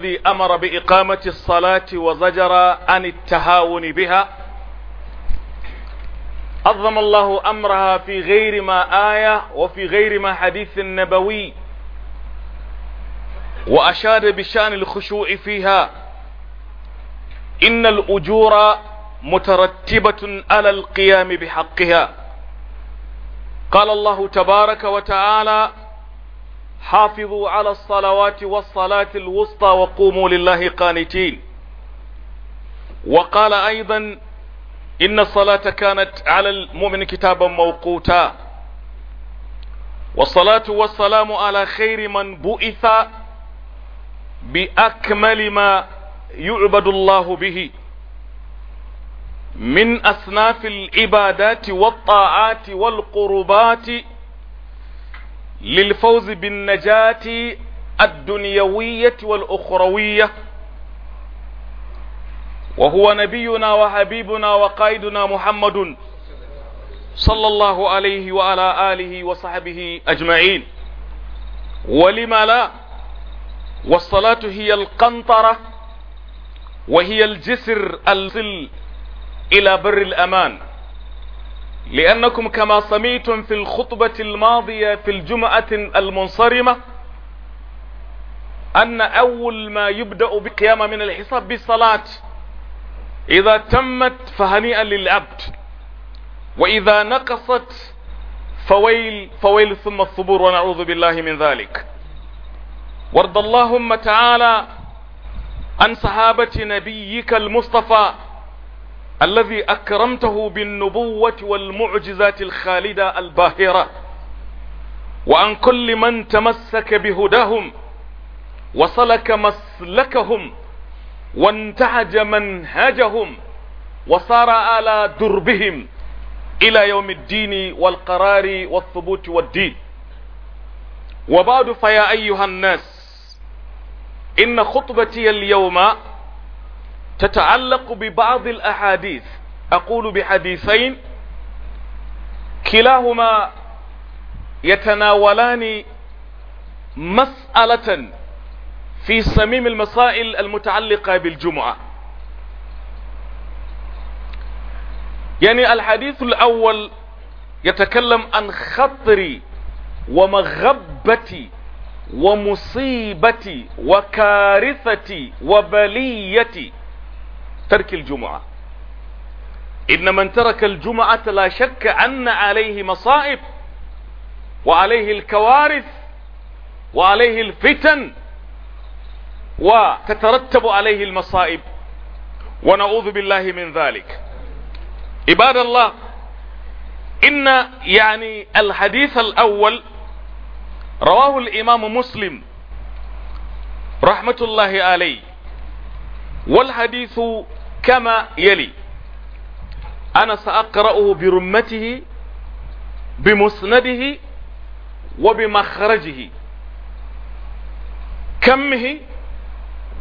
الذي أمر بإقامة الصلاة وزجر عن التهاون بها عظم الله أمرها في غير ما آية وفي غير ما حديث نبوي وأشار بشأن الخشوع فيها إن الأجور مترتبة على القيام بحقها قال الله تبارك وتعالى حافظوا على الصلوات والصلاة الوسطى وقوموا لله قانتين وقال أيضا إن الصلاة كانت على المؤمن كتابا موقوتا والصلاة والسلام على خير من بؤث بأكمل ما يعبد الله به من أصناف العبادات والطاعات والقربات للفوز بالنجاة الدنيوية والأخروية وهو نبينا وحبيبنا وقائدنا محمد صلى الله عليه وعلى آله وصحبه أجمعين ولما لا والصلاة هي القنطرة وهي الجسر الصل إلى بر الأمان لأنكم كما سمعتم في الخطبة الماضية في الجمعة المنصرمة أن أول ما يبدأ بقيامة من الحساب بالصلاة إذا تمت فهنيئا للعبد وإذا نقصت فويل فويل ثم الصبور ونعوذ بالله من ذلك وارض اللهم تعالى عن صحابة نبيك المصطفى الذي أكرمته بالنبوة والمعجزات الخالدة الباهرة وعن كل من تمسك بهداهم وسلك مسلكهم وانتعج منهجهم وصار على دربهم إلى يوم الدين والقرار والثبوت والدين وبعد فيا أيها الناس إن خطبتي اليوم تتعلق ببعض الأحاديث أقول بحديثين كلاهما يتناولان مسألة في صميم المسائل المتعلقة بالجمعة يعني الحديث الأول يتكلم عن خطري ومغبتي ومصيبتي وكارثتي وبليتي ترك الجمعة إن من ترك الجمعة لا شك أن عليه مصائب وعليه الكوارث وعليه الفتن وتترتب عليه المصائب ونعوذ بالله من ذلك عباد الله إن يعني الحديث الأول رواه الإمام مسلم رحمة الله عليه والحديث كما يلي أنا سأقرأه برمته بمسنده وبمخرجه كمه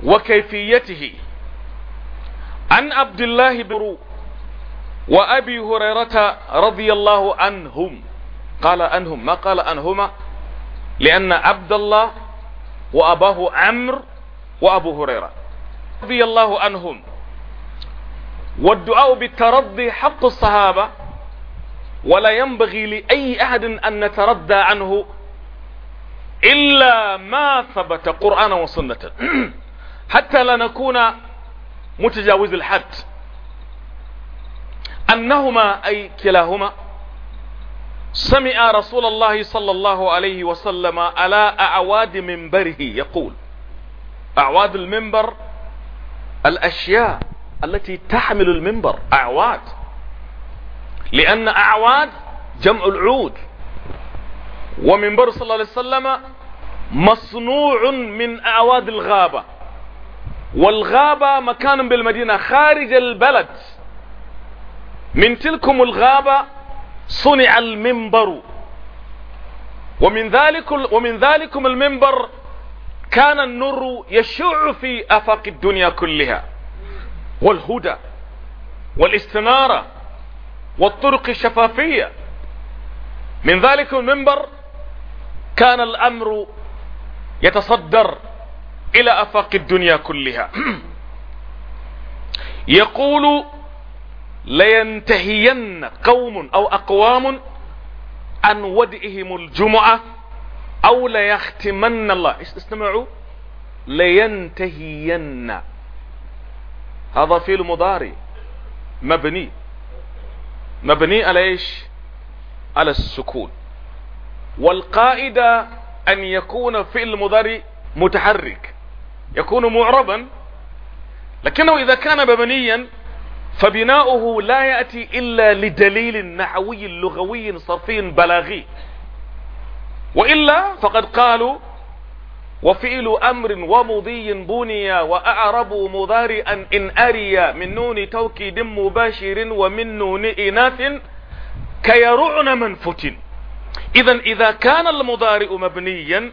وكيفيته عن عبد الله بن وأبي هريرة رضي الله عنهم قال عنهم ما قال عنهما لأن عبد الله وأباه عمرو وأبو هريرة رضي الله عنهم والدعاء بالترضي حق الصحابة ولا ينبغي لأي أحد أن نتردى عنه إلا ما ثبت قرآن وسنة حتى لا نكون متجاوز الحد أنهما أي كلاهما سمع رسول الله صلى الله عليه وسلم على أعواد منبره يقول أعواد المنبر الأشياء التي تحمل المنبر أعواد لأن أعواد جمع العود ومنبر صلى الله عليه وسلم مصنوع من أعواد الغابة والغابة مكان بالمدينة خارج البلد من تلكم الغابة صنع المنبر ومن ذلك ومن ذلكم المنبر كان النور يشع في أفاق الدنيا كلها والهدى والاستنارة والطرق الشفافية من ذلك المنبر كان الأمر يتصدر إلى أفاق الدنيا كلها يقول لينتهين قوم أو أقوام عن ودئهم الجمعة أو ليختمن الله استمعوا لينتهين هذا فعل مضارع مبني مبني على ايش على السكون والقاعدة ان يكون فعل مضارع متحرك يكون معربا لكنه اذا كان مبنيا فبناؤه لا يأتي إلا لدليل نحوي لغوي صرفي بلاغي وإلا فقد قالوا وفعل امر ومضي بني واعرب مضارئا ان اري من نون توكيد مباشر ومن نون اناث كيرعن من فتن اذا اذا كان المضارئ مبنيا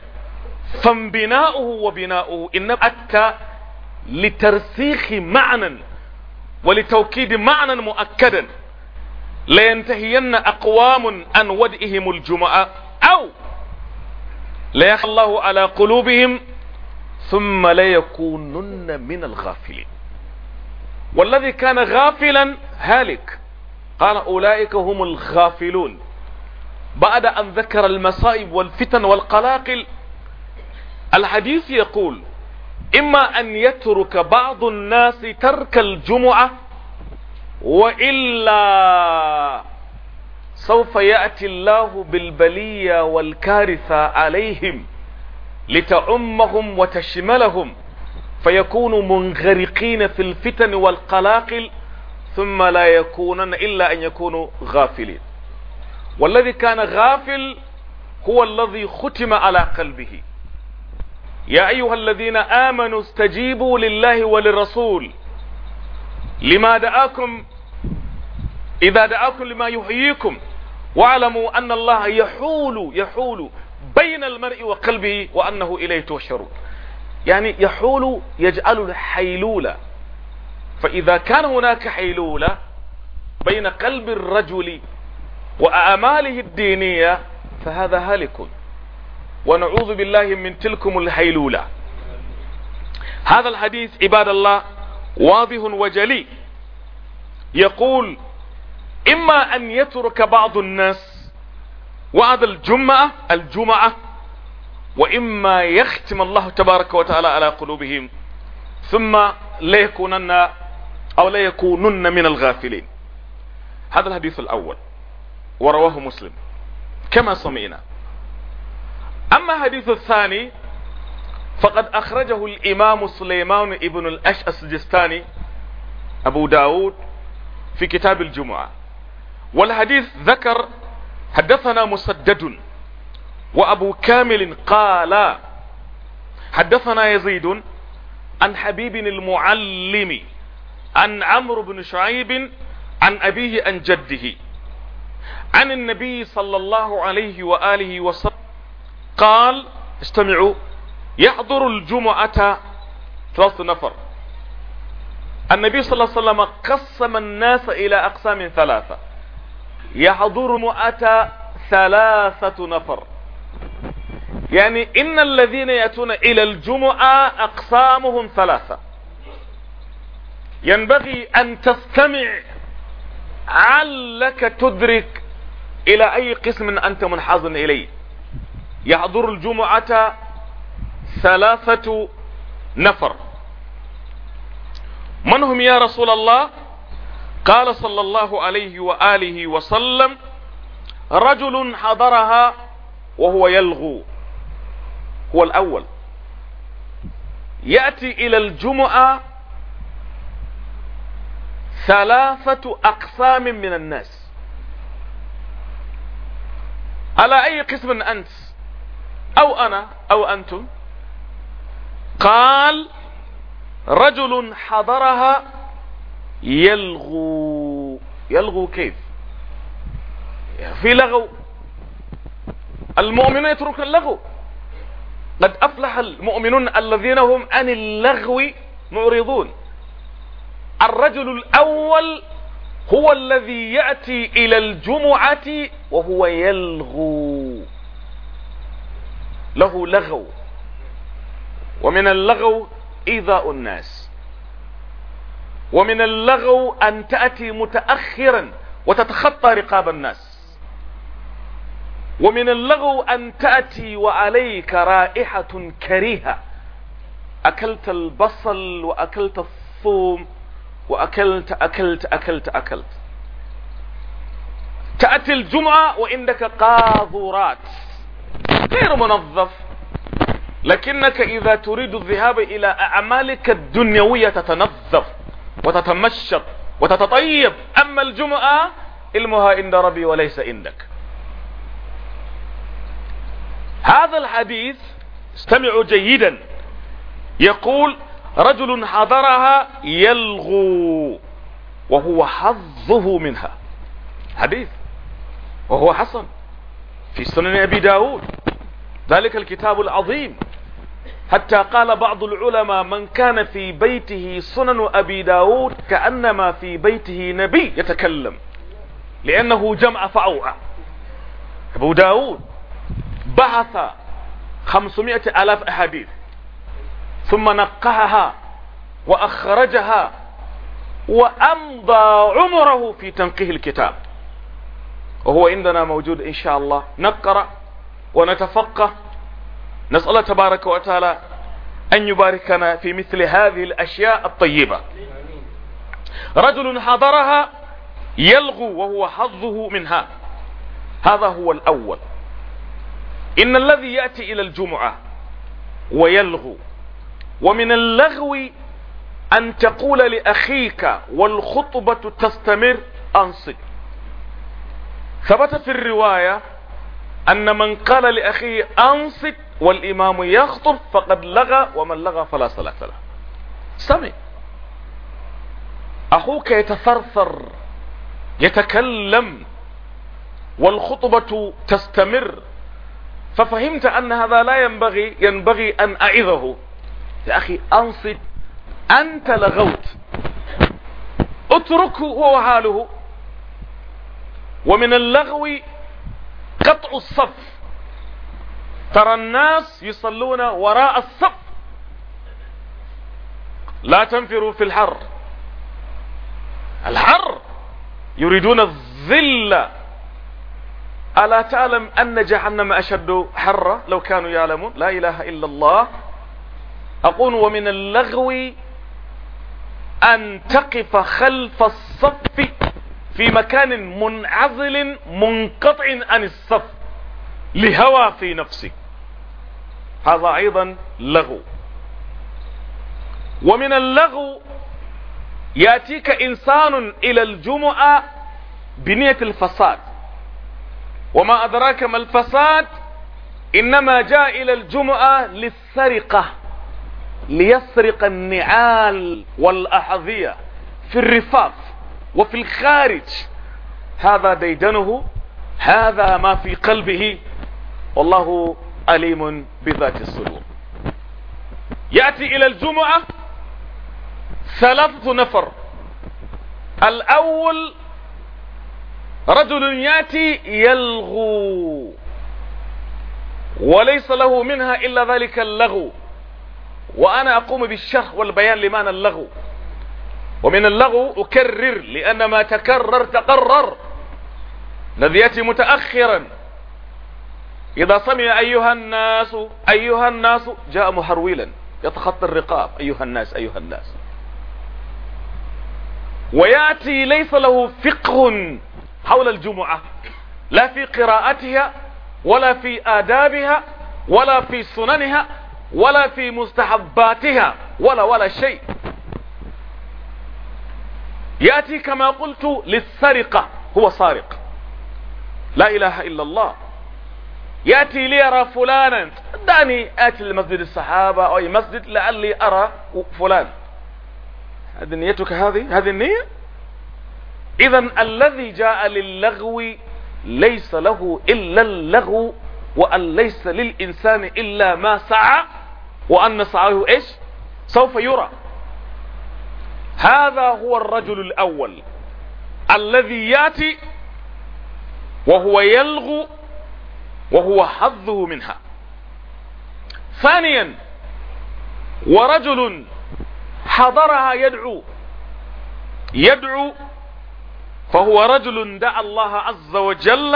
فانبناؤه وبناؤه انما اتى لترسيخ معنى ولتوكيد معنى مؤكدا لينتهين اقوام عن ودئهم الجمعه او لا الله على قلوبهم ثم ليكونن من الغافلين والذي كان غافلا هالك قال أولئك هم الغافلون بعد أن ذكر المصائب والفتن والقلاقل الحديث يقول إما أن يترك بعض الناس ترك الجمعة وإلا سوف يأتي الله بالبلية والكارثة عليهم لتعمهم وتشملهم فيكونوا منغرقين في الفتن والقلاقل ثم لا يكونن إلا أن يكونوا غافلين والذي كان غافل هو الذي ختم على قلبه يا أيها الذين آمنوا استجيبوا لله وللرسول لما دعاكم إذا دعاكم لما يحييكم واعلموا أن الله يحول يحول بين المرء وقلبه وأنه إليه تحشرون يعني يحول يجعل الحيلولة فإذا كان هناك حيلولة بين قلب الرجل وأماله الدينية فهذا هالك ونعوذ بالله من تلكم الحيلولة هذا الحديث عباد الله واضح وجلي يقول اما ان يترك بعض الناس وعد الجمعة الجمعة واما يختم الله تبارك وتعالى على قلوبهم ثم لا يكونن او لا يكونن من الغافلين هذا الحديث الاول ورواه مسلم كما سمعنا اما الحديث الثاني فقد اخرجه الامام سليمان ابن الاشعث السجستاني ابو داود في كتاب الجمعة والحديث ذكر حدثنا مسدد وأبو كامل قال حدثنا يزيد عن حبيب المعلم عن عمرو بن شعيب عن أبيه عن جده عن النبي صلى الله عليه وآله وسلم قال استمعوا يحضر الجمعة ثلاث نفر النبي صلى الله عليه وسلم قسم الناس إلى أقسام ثلاثة يحضر مؤتى ثلاثة نفر يعني إن الذين يأتون إلى الجمعة أقسامهم ثلاثة ينبغي أن تستمع علك تدرك إلى أي قسم أنت منحاز إليه يحضر الجمعة ثلاثة نفر من هم يا رسول الله؟ قال صلى الله عليه وآله وسلم رجل حضرها وهو يلغو هو الأول يأتي إلى الجمعة ثلاثة أقسام من الناس على أي قسم أنت أو أنا أو أنتم قال رجل حضرها يلغو يلغو كيف في لغو المؤمن يترك اللغو قد أفلح المؤمنون الذين هم عن اللغو معرضون الرجل الأول هو الذي يأتي إلى الجمعة وهو يلغو له لغو ومن اللغو إيذاء الناس ومن اللغو أن تأتي متأخرا وتتخطى رقاب الناس ومن اللغو أن تأتي وعليك رائحة كريهة أكلت البصل وأكلت الثوم وأكلت أكلت أكلت أكلت تأتي الجمعة وعندك قاذورات غير منظف لكنك إذا تريد الذهاب إلى أعمالك الدنيوية تتنظف وتتمشط وتتطيب أما الجمعة علمها عند ربي وليس عندك هذا الحديث استمعوا جيدا يقول رجل حضرها يلغو وهو حظه منها حديث وهو حسن في سنن أبي داود ذلك الكتاب العظيم حتى قال بعض العلماء من كان في بيته سنن أبي داود كأنما في بيته نبي يتكلم لأنه جمع فأوعى أبو داود بحث خمسمائة ألاف أحاديث ثم نقهها وأخرجها وأمضى عمره في تنقيه الكتاب وهو عندنا موجود إن شاء الله نقرأ ونتفقه نسأل الله تبارك وتعالى أن يباركنا في مثل هذه الأشياء الطيبة رجل حضرها يلغو وهو حظه منها هذا هو الأول إن الذي يأتي إلى الجمعة ويلغو ومن اللغو أن تقول لأخيك والخطبة تستمر أنصت ثبت في الرواية أن من قال لأخيه أنصت والإمام يخطب فقد لغى ومن لغى فلا صلاة له سمع أخوك يتثرثر يتكلم والخطبة تستمر ففهمت أن هذا لا ينبغي ينبغي أن أعظه يا أخي أنصت أنت لغوت اتركه هو ومن اللغو قطع الصف ترى الناس يصلون وراء الصف لا تنفروا في الحر الحر يريدون الظل ألا تعلم أن جهنم أشد حرة لو كانوا يعلمون لا إله إلا الله أقول ومن اللغو أن تقف خلف الصف في مكان منعزل منقطع عن الصف لهوى في نفسك هذا ايضا لغو ومن اللغو ياتيك انسان الى الجمعه بنيه الفساد وما ادراك ما الفساد انما جاء الى الجمعه للسرقه ليسرق النعال والاحذيه في الرفاف وفي الخارج هذا ديدنه هذا ما في قلبه والله عليم بذات الصدور يأتي الى الجمعة ثلاثة نفر الاول رجل ياتي يلغو وليس له منها الا ذلك اللغو وانا اقوم بالشرح والبيان لمعنى اللغو ومن اللغو اكرر لان ما تكرر تقرر الذي ياتي متاخرا إذا سمع أيها الناس أيها الناس جاء محرولا يتخطى الرقاب أيها الناس أيها الناس ويأتي ليس له فقه حول الجمعة لا في قراءتها ولا في آدابها ولا في سننها ولا في مستحباتها ولا ولا شيء يأتي كما قلت للسرقة هو سارق لا إله إلا الله يأتي لي فلانا دعني آتي لمسجد الصحابة أو أي مسجد لعلي أرى فلان هذه نيتك هذه هذه النية إذا الذي جاء للغو ليس له إلا اللغو وأن ليس للإنسان إلا ما سعى وأن سعاه إيش سوف يرى هذا هو الرجل الأول الذي يأتي وهو يلغو وهو حظه منها ثانيا ورجل حضرها يدعو يدعو فهو رجل دعا الله عز وجل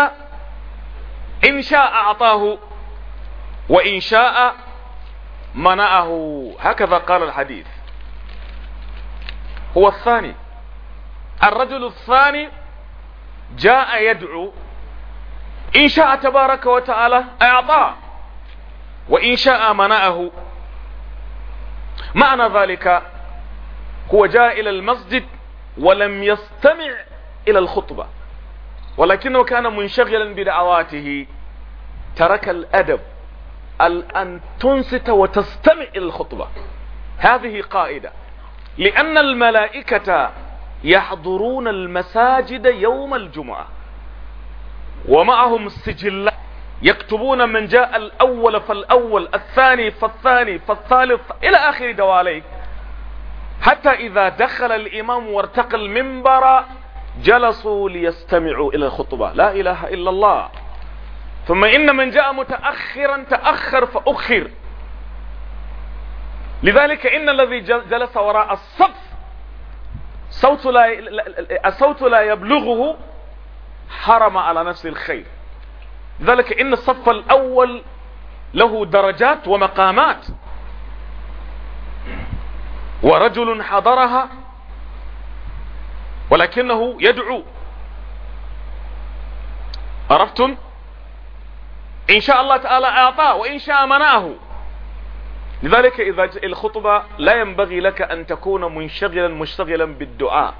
إن شاء أعطاه وإن شاء منعه هكذا قال الحديث هو الثاني الرجل الثاني جاء يدعو إن شاء تبارك وتعالى أعطاه وإن شاء منعه معنى ذلك هو جاء إلى المسجد ولم يستمع إلى الخطبة ولكنه كان منشغلا بدعواته ترك الأدب أن تنصت وتستمع إلى الخطبة هذه قائدة لأن الملائكة يحضرون المساجد يوم الجمعة ومعهم سجلات يكتبون من جاء الأول فالأول الثاني فالثاني فالثالث إلى آخر دواليك حتى إذا دخل الإمام وارتقى المنبر جلسوا ليستمعوا إلى الخطبة لا إله إلا الله ثم إن من جاء متأخرا تأخر فأخر لذلك إن الذي جلس وراء الصف صوت لا, الصوت لا يبلغه حرم على نفسه الخير لذلك ان الصف الاول له درجات ومقامات ورجل حضرها ولكنه يدعو عرفتم ان شاء الله تعالى اعطاه وان شاء منعه لذلك اذا الخطبة لا ينبغي لك ان تكون منشغلا مشتغلا بالدعاء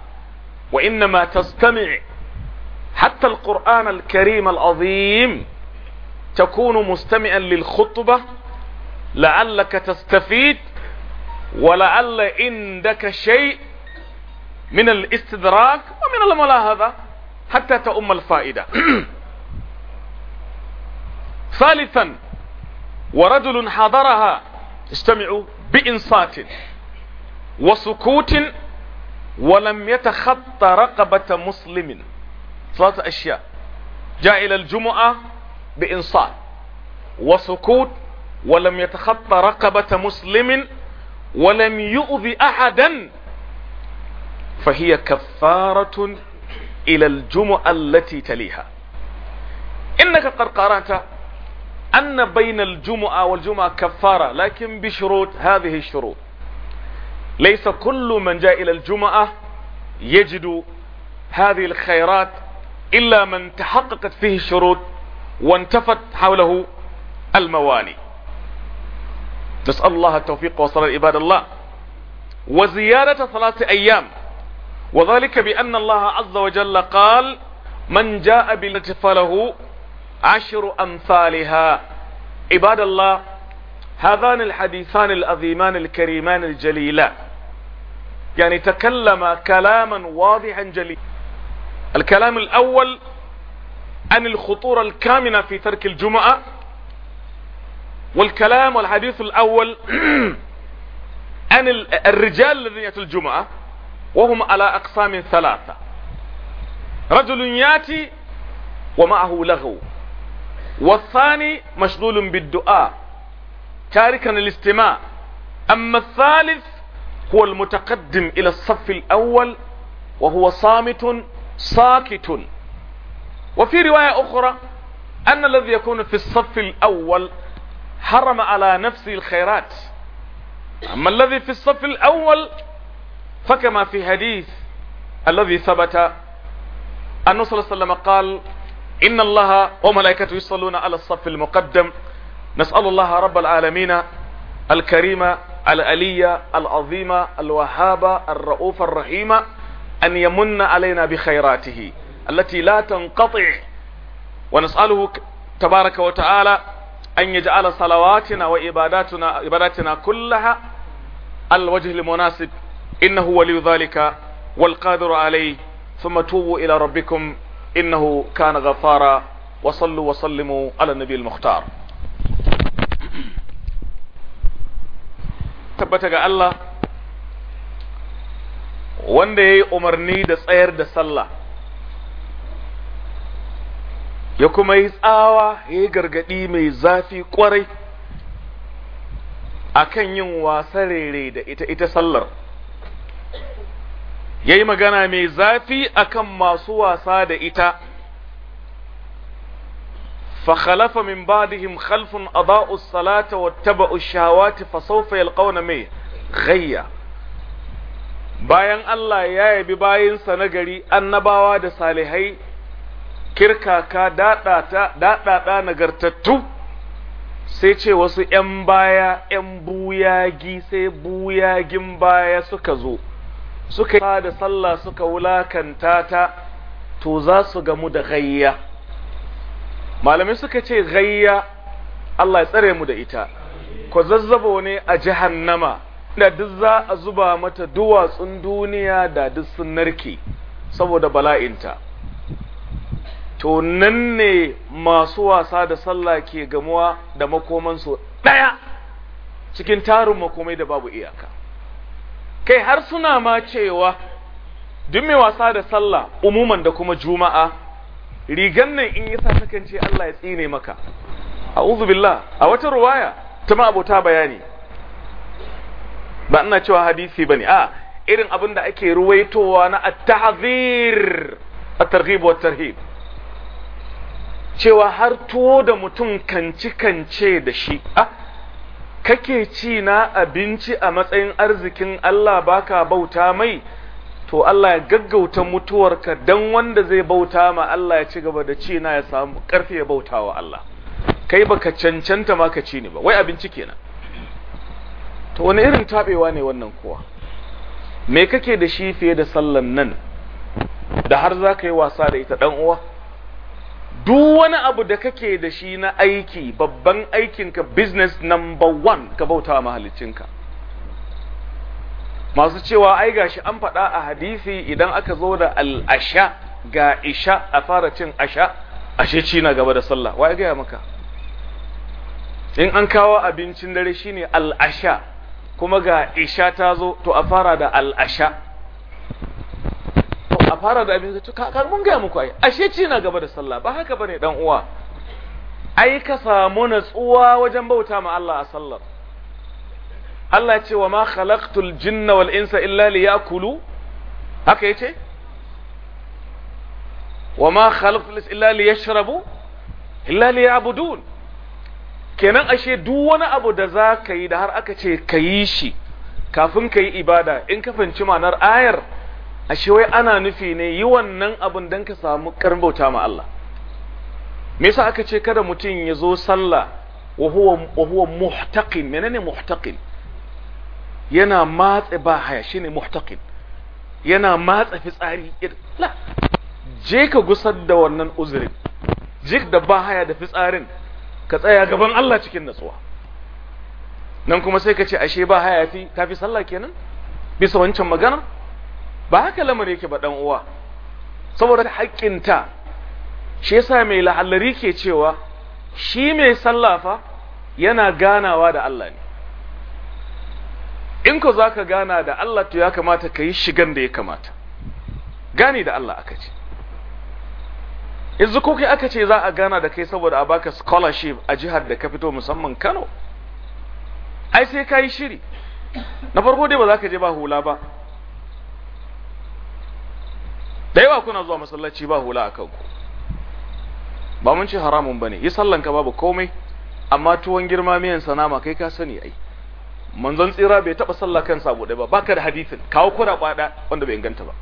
وانما تستمع حتى القرآن الكريم العظيم تكون مستمعا للخطبة لعلك تستفيد ولعل عندك شيء من الاستدراك ومن الملاحظة حتى تؤم الفائدة ثالثا ورجل حضرها استمعوا بإنصات وسكوت ولم يتخط رقبة مسلم ثلاثة أشياء جاء إلى الجمعة بإنصات وسكوت ولم يتخطى رقبة مسلم ولم يؤذي أحدا فهي كفارة إلى الجمعة التي تليها إنك قد قرأت أن بين الجمعة والجمعة كفارة لكن بشروط هذه الشروط ليس كل من جاء إلى الجمعة يجد هذه الخيرات إلا من تحققت فيه الشروط وانتفت حوله المواني نسأل الله التوفيق وصل عباد الله وزيادة ثلاثة أيام وذلك بأن الله عز وجل قال من جاء بالتفاله عشر أمثالها عباد الله هذان الحديثان العظيمان الكريمان الجليلان يعني تكلم كلاما واضحا جليلا الكلام الأول عن الخطورة الكامنة في ترك الجمعة والكلام والحديث الأول عن الرجال الذين يأتوا الجمعة وهم على أقسام ثلاثة رجل ياتي ومعه لغو والثاني مشغول بالدعاء تاركا الاستماع أما الثالث هو المتقدم إلى الصف الأول وهو صامت ساكت وفي رواية أخرى أن الذي يكون في الصف الأول حرم على نفسه الخيرات أما الذي في الصف الأول فكما في حديث الذي ثبت أنه صلى الله عليه وسلم قال إن الله وملائكته يصلون على الصف المقدم نسأل الله رب العالمين الكريم الألية العظيمة الوهابة الرؤوف الرحيمة أن يمن علينا بخيراته التي لا تنقطع ونسأله تبارك وتعالى أن يجعل صلواتنا وإباداتنا إباداتنا كلها الوجه المناسب إنه ولي ذلك والقادر عليه ثم توبوا إلى ربكم إنه كان غفارا وصلوا وسلموا على النبي المختار تبتك الله wanda ya yi umarni da tsayar da sallah ya kuma yi tsawa ya yi gargaɗi mai zafi ƙwarai a kan yin wasa rere da ita ita sallar ya yi magana mai zafi a kan masu wasa da ita فخلف من بعدهم خلف أضاءوا الصلاة واتبعوا الشهوات فسوف يلقون مي غيّة bayan Allah ya yabi bayinsa na gari annabawa da salihai kirkaka daɗaɗa nagartattu sai ce wasu ‘yan baya ‘yan buyagi sai buyagin baya suka zo suka yi da sallah suka wulakanta ta to za su gamu da gayya malamai suka ce gayya Allah ya tsare mu da ita ko zazzabo ne a jahannama inda duk za a zuba mata duwatsun duniya da duk sun narke saboda bala'inta to nan ne masu wasa da sallah ke gamuwa da makomansu ɗaya cikin tarin makomai da babu iyaka kai har suna ma cewa duk mai wasa da sallah umuman da kuma juma'a rigan nan in yasa takan ce Allah ya tsine maka a'udhu a wata ruwaya ta ma abota bayani ba ina cewa hadisi bane a irin abin da ake ruwaitowa na at-tahzir at-targhib wa tarhib cewa har tuwo da mutum kanci kance da shi a kake ci na abinci a matsayin arzikin Allah baka bauta mai to Allah ya gaggauta mutuwarka dan wanda zai bauta ma Allah ya ci gaba da ci na ya samu karfi ya bauta Allah kai baka cancanta ma ka ci ne ba wai abinci kenan ta wani irin taɓewa ne wannan kuwa me kake da shi fiye da sallan nan da har za ka yi wasa da ita ɗan uwa duk wani abu da kake da shi na aiki babban aikinka business number one ka bauta wa mahalicinka masu cewa ai gashi an faɗa a hadisi idan aka zo da al'asha ga isha a fara cin asha ashe ci na gaba da sallah wa ya gaya maka in an kawo abincin dare shine al'asha kuma ga isha ta zo to a fara da al'asha to a fara da abin zaci kakar mun gaya muku ai ashe ci na gaba da sallah ba haka bane dan uwa ai ka samu natsuwa wajen bauta ma Allah a sallar Allah ya ce wa ma khalaqtul jinna wal insa illa liyakulu haka yace wa ma khalaqtul illa liyashrabu illa liya'budun kenan ashe duk wani abu da za ka yi da har aka ce ka yi shi kafin ka yi ibada in ka fahimci ma'anar ayar ashe wai ana nufi ne yi wannan abin don ka samu karin bauta ma Allah me yasa aka ce kada mutum ya zo sallah wa huwa muhtaqin menene muhtaqin yana matse ba haya shine muhtaqin yana matsa fitsari la je ka gusar da wannan uzurin jik da ba haya da fitsarin ka tsaya gaban Allah cikin natsuwa nan kuma sai ka ce ashe ba ta tafi sallah kenan bisa wancan magana. ba haka lamarin yake ba dan uwa saboda haƙƙinta shi yasa mai lahallari ke cewa shi mai sallah fa yana ganawa da Allah ne in ko zaka gana da Allah to ya kamata ka yi shigan da ya kamata gani da Allah aka ce yanzu ko kai aka ce za a gana da kai saboda a baka scholarship a jihar da ka fito musamman Kano ai sai ka shiri na farko dai ba za ka je ba hula ba da yawa kuna zuwa masallaci ba hula a kanku ba mun ce haramun ba ne yi ka babu komai amma tuwon girma miyan sanama kai ka sani ai manzon tsira bai taba sallah kan sabo ba baka da hadisin kawo kura kwada wanda bai inganta ba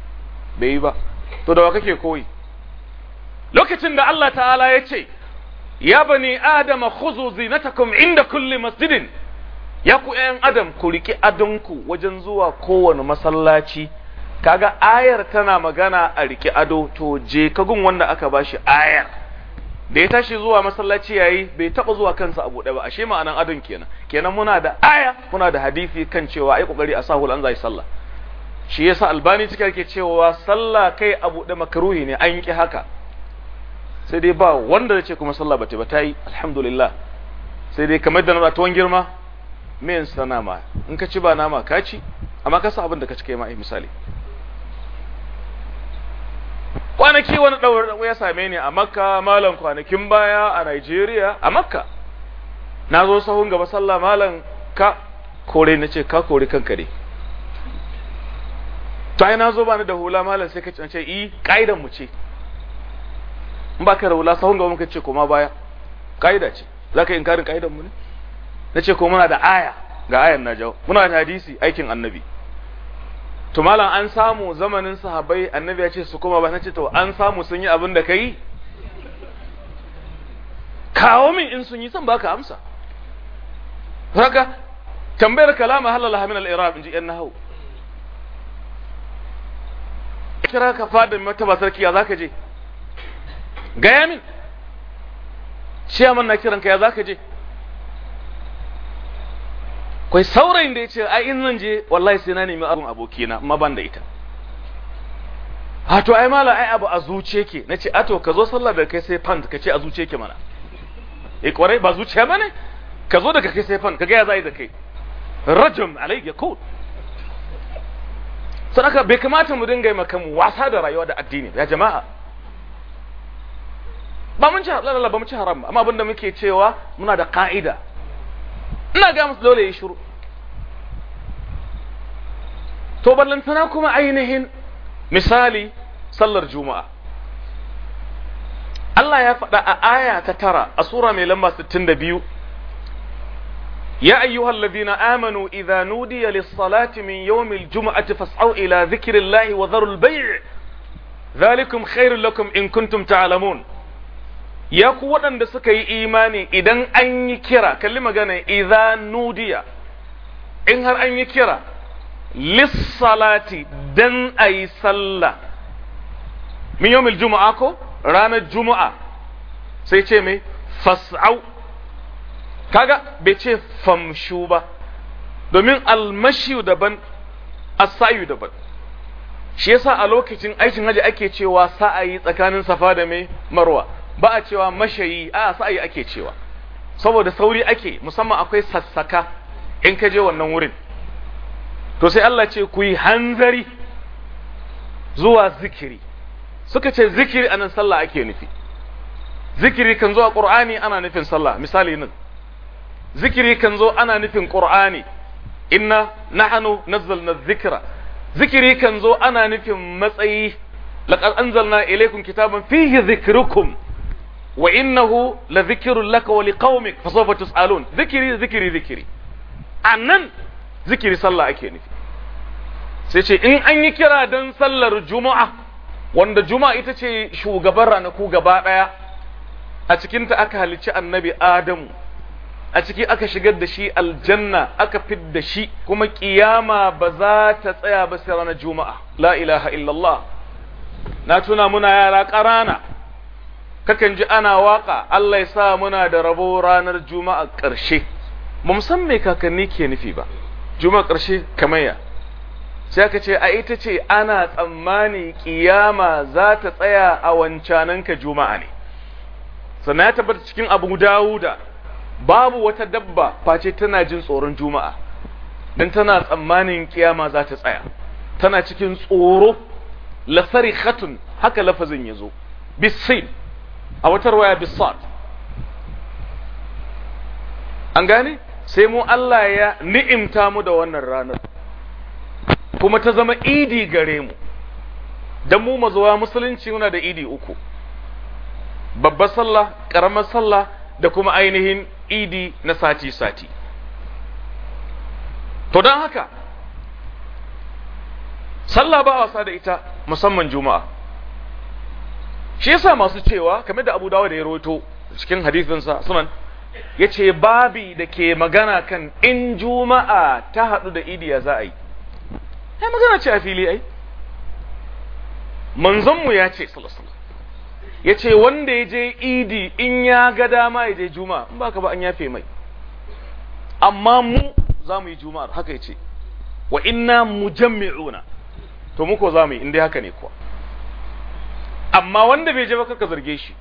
bai yi ba to da wa kake koyi lokacin da Allah ta'ala ya ce ya bani adama khuzu zinatakum inda kulli masjidin ya ku ƴan adam ku riki adonku wajen zuwa kowane masallaci kaga ayar tana magana a riki ado to je ka gun wanda aka bashi ayar da ya tashi zuwa masallaci yayi bai taba zuwa kansa abu buɗe ba ashe ma'anan adon kenan kenan muna da aya muna da hadisi kan cewa ai kokari a sahul an zai sallah shi yasa albani cikin ke cewa sallah kai a buɗe makaruhi ne an ki haka sai dai ba wanda zai ce kuma sallah bata ba ta yi alhamdulillah sai dai kamar da na tuwon girma me sana nama in ka ci ba nama ka ci amma ka sa abin da ka ci kai ma ai misali kwanaki wani ɗaukar ya same ni a makka malam kwanakin baya a nigeria a makka na zo sahun gaba sallah malam ka kore na ce ka kore kanka ne ta yi na zo ba ni da hula malam sai ka ce i ƙa'idan mu ce in ba ka da hula sahun gaba muka ce koma baya ka'ida ce za ka yi inkarin ka'idan mu ne na ce ko muna da aya ga ayan na jawo muna da hadisi aikin annabi to malam an samu zamanin sahabbai annabi ya ce su koma ba na ce to an samu sun yi abin da ka yi kawo min in sun yi san baka amsa haka tambayar kalama halala min al-irab inji yan nahawu kira ka fadin mata ba sarki ya zaka je gaya min ciyaman na ka ya za ka je kwai saurayin da ya ce ai in zan je wallahi sai na nemi abin abokina maban da ita a to ai mala ai abu a zuce ke na ce ato ka zo sallah da kai sai fan ka ce a zuce ke mana eh kwarai ba zuciya ba ne ka zo daga kai sai fan ka ya za a yi da kai rajam alai ya kod sadaka bai kamata mu dinga yi makamu wasa da rayuwa da addini ya jama'a ba mun ci halal ba mun ci haram amma abinda muke cewa muna da ka'ida ina ga musu dole yi shiru to ballantana kuma ainihin misali sallar juma'a Allah ya faɗa a aya ta tara a sura mai lamba biyu, ya ayyuhal ladina amanu idza nudiya lis-salati min yawmil jum'ati fas'au ila zikirillahi wa dharul bay' dhalikum lakum in kuntum ta'lamun ya ku waɗanda suka yi imani idan an yi kira kalli magana idan nudiya in har an yi kira lissalati don a yi sallah min yau juma'a ko ranar juma'a sai ce mai fas'au kaga bai ce famshu ba domin almashiyu daban asayu daban shi yasa a lokacin aikin haji ake cewa sa'ayi tsakanin safa da mai marwa ba a cewa mashayi a sa'ayi ake cewa saboda sauri ake musamman akwai sassaka in ka je wannan wurin to sai Allah ce ku yi hanzari zuwa zikiri suka ce zikiri anan sallah ake nufi zikiri kan zo a ƙur'ani ana nufin sallah misali nan zikiri kan zo ana nufin qur'ani inna nahanu nazzalna zikira. zikiri kan zo ana nufin matsayi laqad anzalna ilaykum kitaban fihi dhikrukum wa innahu la zikirun laka wa liqaumik fa sawfa tusalun zikiri zikiri zikiri annan zikiri sallah ake nufi sai ce in an yi kira dan sallar juma'a wanda juma'a ita ce shugaban ranaku gaba daya a cikinta aka halicci annabi adamu a ciki aka shigar da shi aljanna aka fid da shi kuma kiyama ba za ta tsaya ba sai ranar juma'a la ilaha illallah na tuna muna yara ƙarana kakan ji ana waka Allah ya sa muna da rabo ranar juma'a ƙarshe ba san me kakanni ke nufi ba juma'a ƙarshe ya. sai aka ce a ita ce ana tsammani kiyama za ta tsaya a wancananka juma'a ne sannan ya tabbata cikin abu dawuda babu wata dabba face tana jin tsoron juma'a don tana tsammanin kiyama za ta tsaya tana cikin tsoro lasari khatun haka lafazin ya zo bisin a wata ruwaya bisad an gane sai mu Allah ya ni'imta mu da wannan ranar kuma ta zama idi gare mu dan mu mazuwa musulunci muna da idi uku babbar sallah karamar sallah da kuma ainihin idi na sati-sati to don haka sallah ba wasa da ita musamman juma'a shi yasa masu cewa kamar da Abu Dawud ya rawaito cikin hadisin sa sunan yace babi da ke magana kan in juma'a ta hadu da idiya za a yi sai magana ce a fili ai manzon mu ya sallallahu alaihi yace wanda ya je idi in ya ga dama ya je juma'a in baka ba an yafe mai amma mu za mu yi juma'ar haka yace wa inna mujammi'una to muko za mu yi in dai haka ne kuwa amma wanda bai je ba ka zarge shi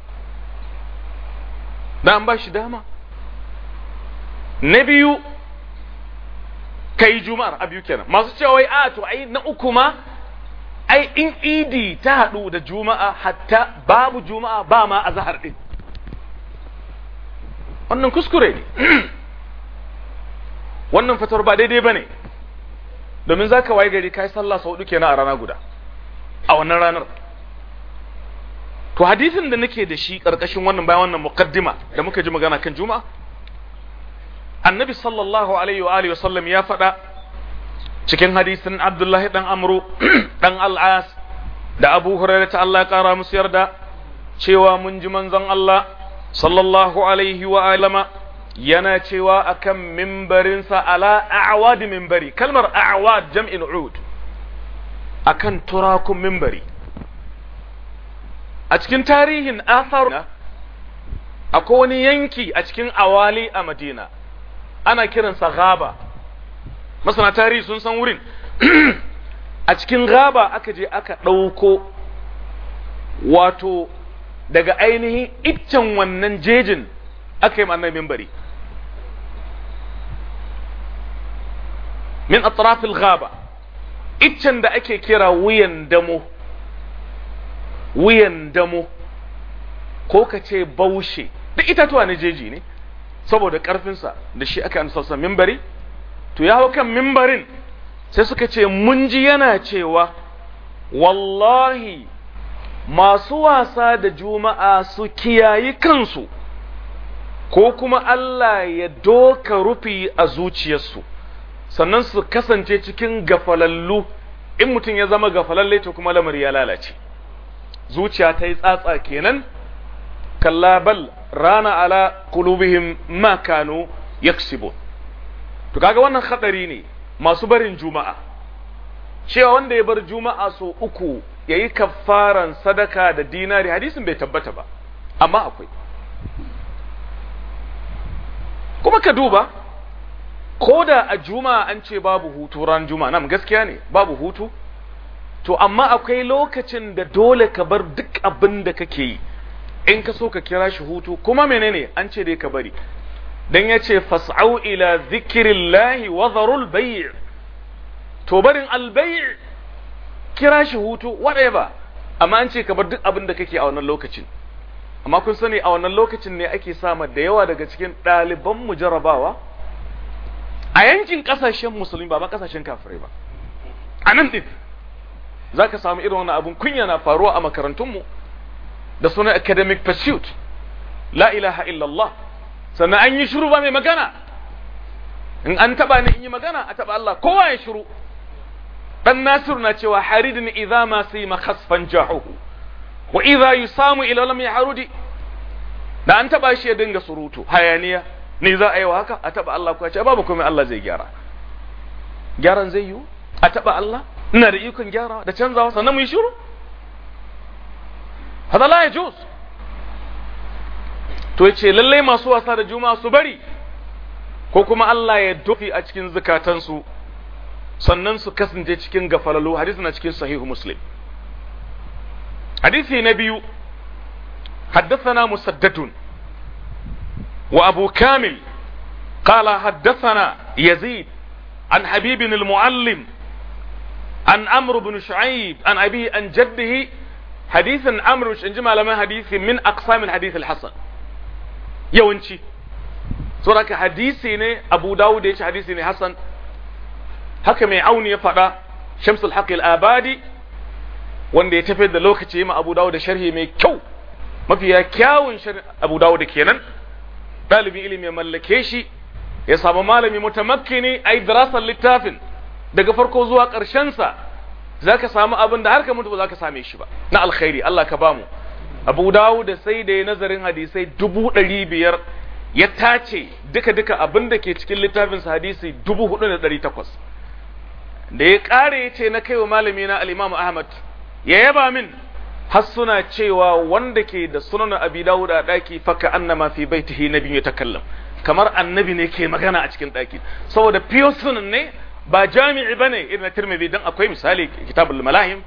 da an ba shi dama na biyu ka yi juma'ar a biyu kenan masu cewa wai a to ai na uku ma ai in idi ta haɗu da juma'a hatta babu juma'a ba ma a zahar ɗin wannan kuskure ne wannan fatar ba daidai ba ne domin za ka waye gari ka yi sallah sau uku kenan a rana guda a wannan ranar to hadisin da nake da shi ƙarƙashin wannan bayan wannan muqaddima da muka ji magana kan juma'a annabi sallallahu alaihi wa alihi wasallam ya faɗa cikin hadisin abdullahi dan amru dan al'as da abu hurairah ta Allah ya musu yarda cewa mun ji manzon Allah sallallahu alaihi wa alama yana cewa akan mimbarinsa ala a'wad mimbari kalmar a'wad jam'in ud akan turakun mimbari a cikin tarihin asar akwai wani yanki a cikin awali a madina ana kiransa gaba masana tarihi sun san wurin a cikin gaba aka je aka ɗauko wato daga ainihin iccen wannan jejin aka yi annabi mimbari min atrafil gaba iccen da ake kira wuyan damo wuyan damo ko ka ce baushe duk itatuwa na jeji ne saboda ƙarfinsa da shi aka sassan mimbari to ya hau kan mimbarin sai suka ce mun ji yana cewa wallahi masu wasa da juma'a su kiyayi kansu ko kuma Allah ya doka rufi a zuciyarsu sannan su kasance cikin gafalallu in mutum ya zama gafalalle to kuma lamari ya lalace zuciya ta yi tsatsa kenan kalla rana ala qulubihim ma kanu yaksibun to kaga wannan hadari ne masu barin juma'a cewa wanda ya bar juma'a so uku yayi kaffaran sadaka da dinari hadisin bai tabbata ba amma akwai kuma ka duba ko da a juma'a an ce babu hutu ran juma'a nan gaskiya ne babu hutu to amma akwai lokacin da dole ka bar duk abin da kake yi in ka so ka kira shi hutu kuma menene an ce dai ka bari dan yace fas'au ila zikrillahi wa dharul bay' to barin albay' kira shi hutu whatever amma an ce ka bar duk abin da kake a wannan lokacin amma kun sani a wannan lokacin ne ake sama da yawa daga cikin ɗaliban mu a yankin ƙasashen musulmi ba ba ƙasashen kafirai ba a nan din za ka samu irin wani abun kunya na faruwa a makarantunmu da sunan academic pursuit la ilaha illallah sannan an yi shiru ba mai magana in an taba ni in yi magana a taba Allah kowa ya shiru dan nasiru na cewa haridin idza ma sai makhasfan jahuhu wa idza yusamu ila lam yahrudi da an taba shi ya dinga surutu hayaniya ne za a yi wa haka a taba Allah ko ya ce babu komai Allah zai gyara gyaran zai yi a taba Allah ina da ikon gyara da canzawa sannan mu yi shiru hada la yajuz to yace lallai masu wasa da juma'a su bari ko kuma Allah ya dofi a cikin zukatansu sannan su kasance cikin gafalalu hadisi na cikin sahihu muslim hadisi na biyu حدثنا مسدد وأبو كامل قال حدثنا يزيد عن حبيب المعلم an amru bin shu'aib an abi an jaddihi hadisin amru in ji malaman hadisi min aqsamin hadisi al-hasan yawanci saboda hadisi ne abu dawud ya ce hadisi ne hasan haka mai auni ya faɗa shamsul haqi al-abadi wanda ya tafi da lokaci ma abu dawud da sharhi mai kyau mafiya kyawun sharhi abu dawud kenan ɗalibin ilimi ya mallake shi ya samu malami mutamakkini ai darasar littafin daga farko zuwa ƙarshensa za ka samu abin da har ka mutu ba za ka same shi ba na alkhairi Allah ka bamu abu dawo da sai da ya nazarin hadisai dubu ɗari biyar ya tace duka-duka abin da ke cikin littafin sa hadisi dubu hudu da ɗari takwas da ya ƙare ya ce na kai wa malami na al'imamu ahmad ya yaba min har suna cewa wanda ke da sunan abi dawud a ɗaki faka annama fi baitihi biyu ya takallam kamar annabi ne ke magana a cikin ɗaki saboda fiye sunan ne ba jami'i bane irin na tirmidhi dan akwai misali kitabul malahim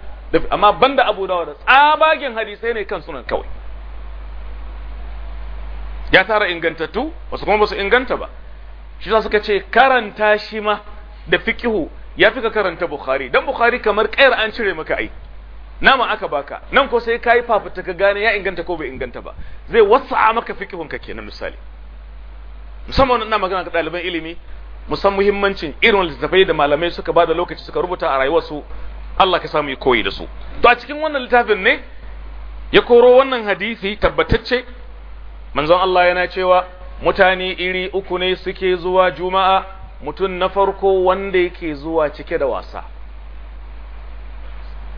amma banda abu dawud tsabagen hadisai ne kan sunan kawai ya tara ingantattu wasu kuma basu inganta ba shi za suka ce karanta shi ma da fikihu ya fi ka karanta bukhari dan bukhari kamar kayar an cire maka ai nama aka baka nan ko sai kayi fafuta ka gane ya inganta ko bai inganta ba zai wasa maka fikihun ka kenan misali musamman na magana ga ɗaliban ilimi musan muhimmancin irin littattafai da malamai suka ba lokaci suka rubuta a rayuwarsu Allah ka samu koyi da su to a cikin wannan littafin ne ya koro wannan hadisi tabbatacce manzon Allah yana cewa mutane iri uku ne suke zuwa juma'a mutum na farko wanda yake zuwa cike da wasa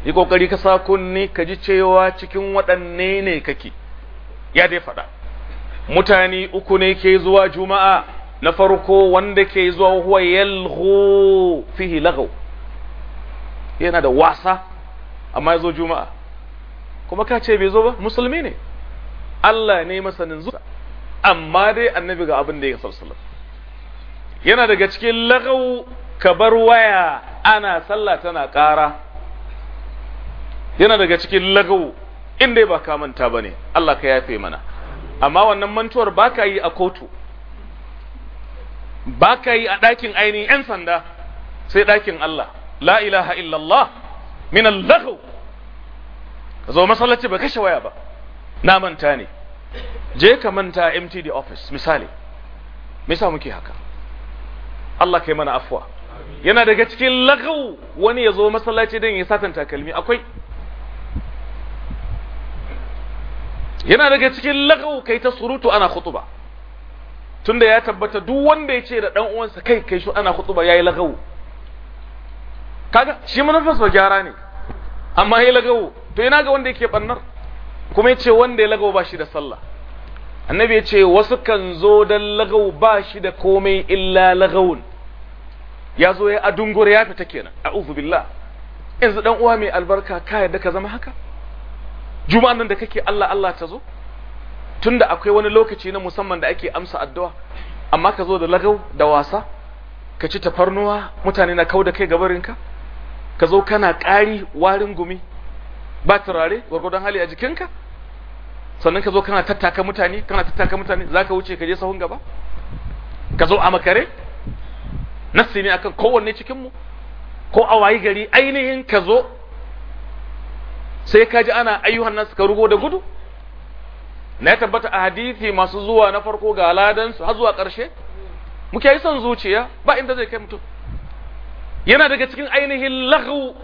yi kokari ka sa kunni ka ji cewa cikin waɗanne ne kake ya dai faɗa mutane uku ne ke zuwa juma'a na farko wanda ke zuwa huwa yalghu fihi lagaw yana da wasa amma ya zo juma'a kuma ka ce bai zo ba musulmi ne Allah ne masanin zuwa amma dai annabi ga abin da ya sallallahu yana daga cikin lagaw ka bar waya ana sallah tana ƙara yana daga cikin lagaw in dai ba ka manta bane Allah ka yafe mana amma wannan mantuwar baka yi a kotu ba ka yi a ɗakin ainihin 'yan sanda sai ɗakin Allah la ilaha illallah min allahu ka zo masallaci ba kashe waya ba na manta ne je ka manta mtd office misali me yasa muke haka Allah kai mana afuwa. yana daga cikin lagau wani ya zo masallaci don ya satan takalmi akwai yana daga cikin lagau kai ta surutu ana khutuba tunda ya tabbata duk wanda ya ce da dan uwansa kai kai shi ana khutuba yayi lagawo kaga shi ba gyara ne amma yayi lagawo to ina ga wanda yake bannar kuma yace wanda ya lagawo ba shi da sallah annabi yace wasu kan zo dan lagawo ba shi da komai illa lagawun ya zo ya ya fita kenan a'udhu billah yanzu dan uwa mai albarka ka yadda ka zama haka juma'an nan da kake Allah Allah ta zo tunda akwai wani lokaci na musamman da ake amsa addu'a amma ka zo da lagau da wasa ka ci tafarnuwa mutane na kau da kai gabarinka ka zo kana ƙari warin gumi ba turare gwargwadon hali a jikinka sannan ka zo kana tattaka mutane kana tattaka mutane za ka wuce ka je sahun gaba ka zo a makare nassi ne akan kowanne cikinmu ko a wayi gari ainihin ka zo sai ka ji ana ayyuhan nasu ka rugo da gudu na ya tabbata a hadisi masu zuwa na farko ga aladansu har zuwa ƙarshe muke yi son zuciya ba inda zai kai mutum yana daga cikin ainihin laghu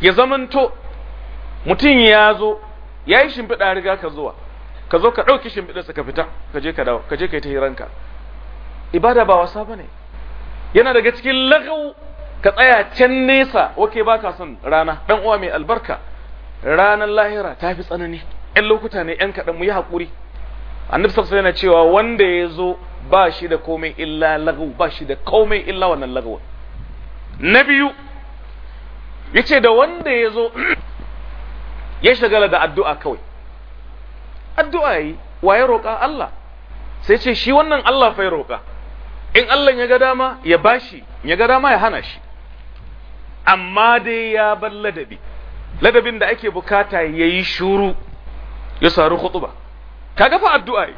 ya zamanto mutum ya zo ya yi shimfiɗa riga ka zuwa ka zo ka ɗauki shimfiɗarsa ka fita ka je ka dawo ka je ka yi ta hiranka ibada ba wasa ba ne yana daga cikin lagau ka tsaya can nesa wake ba ka son rana ɗan uwa mai albarka ranar lahira ta fi tsanani 'yan lokuta ne 'yan kaɗan mu yi haƙuri annabi sassa yana cewa wanda ya zo ba shi da komai illa lagu ba shi da komai illa wannan lagu na biyu ya ce da wanda ya zo ya shagala da addu'a kawai addu'a yi wa ya roƙa Allah sai ce shi wannan Allah fa ya roƙa in Allah ya ga dama ya ba shi ya ga dama ya hana shi amma dai ya bar ladabi ladabin da ake bukata ya yi shuru ya saru khutuba kaga fa addu'a yi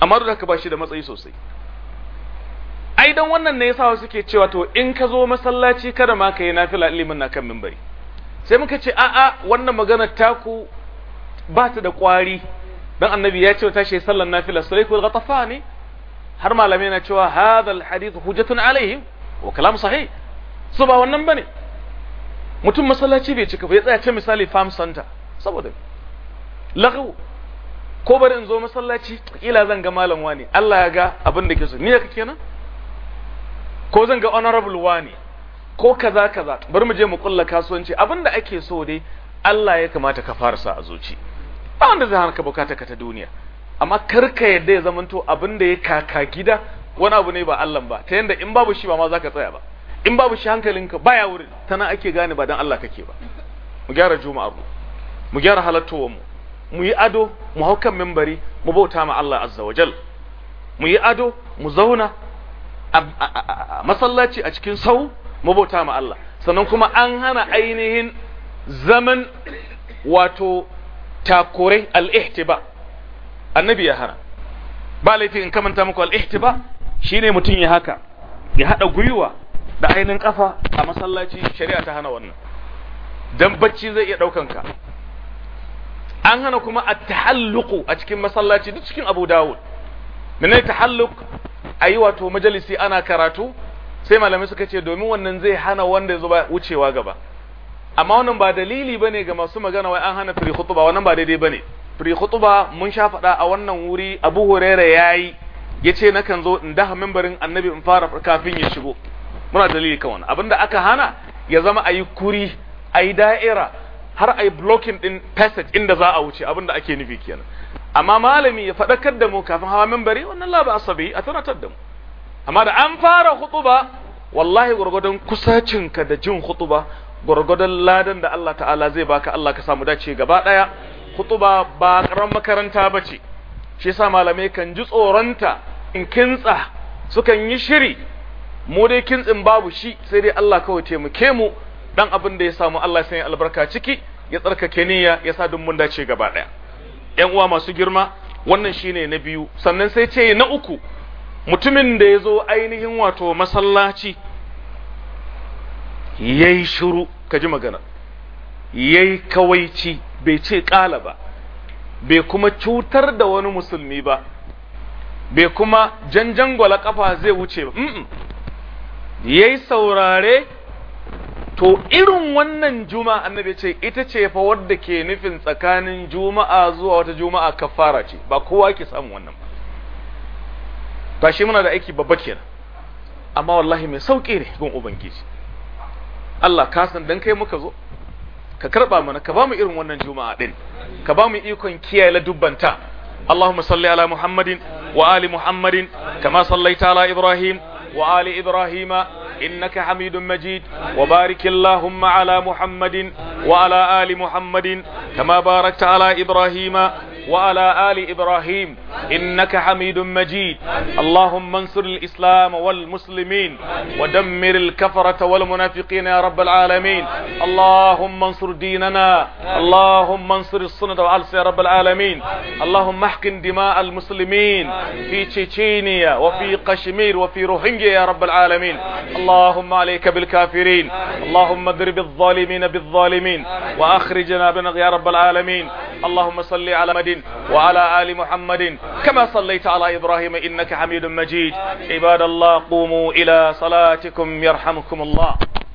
amma duk haka ba shi da matsayi sosai ai dan wannan ne yasa suke cewa to in ka zo masallaci kada ma ka yi nafila ilimin na kan minbari sai muka ce a'a wannan maganar taku ba ta da kwari dan annabi ya ce ta shi sallan nafila ku ghatafani har malamai na cewa hadha alhadith hujjatun alaihim wa kalam sahih su ba wannan bane mutum masallaci bai cika ba ya tsaya ce misali farm center saboda lagu ko bari in zo masallaci kila zan ga malam wani Allah ya ga abin da ke so ni kake nan ko zan ga honorable wani ko kaza kaza bari mu je mu kulla kasuwanci abin da ake so dai Allah ya kamata ka fara sa a zuci ba wanda zai hanka bukata ka ta duniya amma karka yadda ya zamanto abin da ya kaka gida wani abu ne ba Allah ba ta yanda in babu shi ba ma zaka tsaya ba in babu shi hankalinka baya wurin tana ake gane ba dan Allah kake ba mu gyara juma'ar mu gyara halattowar mu mu yi ado mu hau kan mimbari mu bauta ma Allah azza wa jal mu yi ado mu zauna a masallaci a cikin sau mu bauta ma Allah sannan kuma an hana ainihin zaman wato takurai al-ihtiba annabi ya hana ba laifi in kamanta muku al-ihtiba shine mutum ya haka ya hada gwiwa da ainihin kafa a masallaci shari'a ta hana wannan dan bacci zai iya daukan ka an hana kuma a tahalluku a cikin masallaci duk cikin Abu Dawud menene tahalluk ayi wato majalisi ana karatu sai malamai suka ce domin wannan zai hana wanda ya zo ba wucewa gaba amma wannan ba dalili bane ga masu magana wai an hana firi khutba wannan ba daidai bane firi khutba mun sha faɗa a wannan wuri Abu Huraira yayi yace nakan zo in daha membarin Annabi in fara kafin ya shigo muna dalili kan wannan abinda aka hana ya zama ayi kuri ayi da'ira har ai blocking din passage inda za a wuce abinda ake nufi kenan amma malami ya faɗakar da mu kafin hawa membari, wannan la ba asabi a tunatar da mu amma da an fara hutuba wallahi gurgudan kusacinka da jin hutuba gurgudan ladan da Allah ta'ala zai baka Allah ka samu dace gaba daya hutuba ba karan makaranta ba ce. shi yasa malamai kan ji tsoronta in kintsa sukan yi shiri mu dai kintsin babu shi sai dai Allah kawai taimake mu dan abin da ya samu Allah sai albarka ciki ya tsarkake niyya ya sa dun mun dace gaba daya yan uwa masu girma wannan shine na biyu sannan sai ce na uku mutumin da ya zo ainihin wato masallaci yayi shiru ka ji magana yayi kawaici bai ce kala ba bai kuma cutar da wani musulmi ba bai kuma janjangwala kafa zai wuce ba yayi saurare to irin wannan juma'a annabi ce ita ce fa wadda ke nufin tsakanin juma'a zuwa wata juma'a ka fara ce ba kowa ke samu wannan ba shi muna da aiki babba kenan amma wallahi mai sauki ne gun ubangiji Allah ka san dan kai muka zo ka karba mana ka ba mu irin wannan juma'a din ka ba mu ikon kiyaye la dubbanta Allahumma salli ala Muhammadin wa ali Muhammadin kama sallaita ala Ibrahim wa Ibrahima إنك حميد مجيد وبارك اللهم على محمد وعلى آل محمد كما باركت على إبراهيم وعلى آل إبراهيم إنك حميد مجيد اللهم انصر الإسلام والمسلمين ودمر الكفرة والمنافقين يا رب العالمين اللهم انصر ديننا اللهم انصر الصنة والعلس يا رب العالمين اللهم احقن دماء المسلمين في تشيتشينيا وفي قشمير وفي روهينجيا يا رب العالمين اللهم عليك بالكافرين اللهم اضرب الظالمين بالظالمين وأخرجنا بنغ يا رب العالمين اللهم صل على مدينة وعلى آل محمد كما صليت على إبراهيم إنك حميد مجيد عباد الله قوموا إلى صلاتكم يرحمكم الله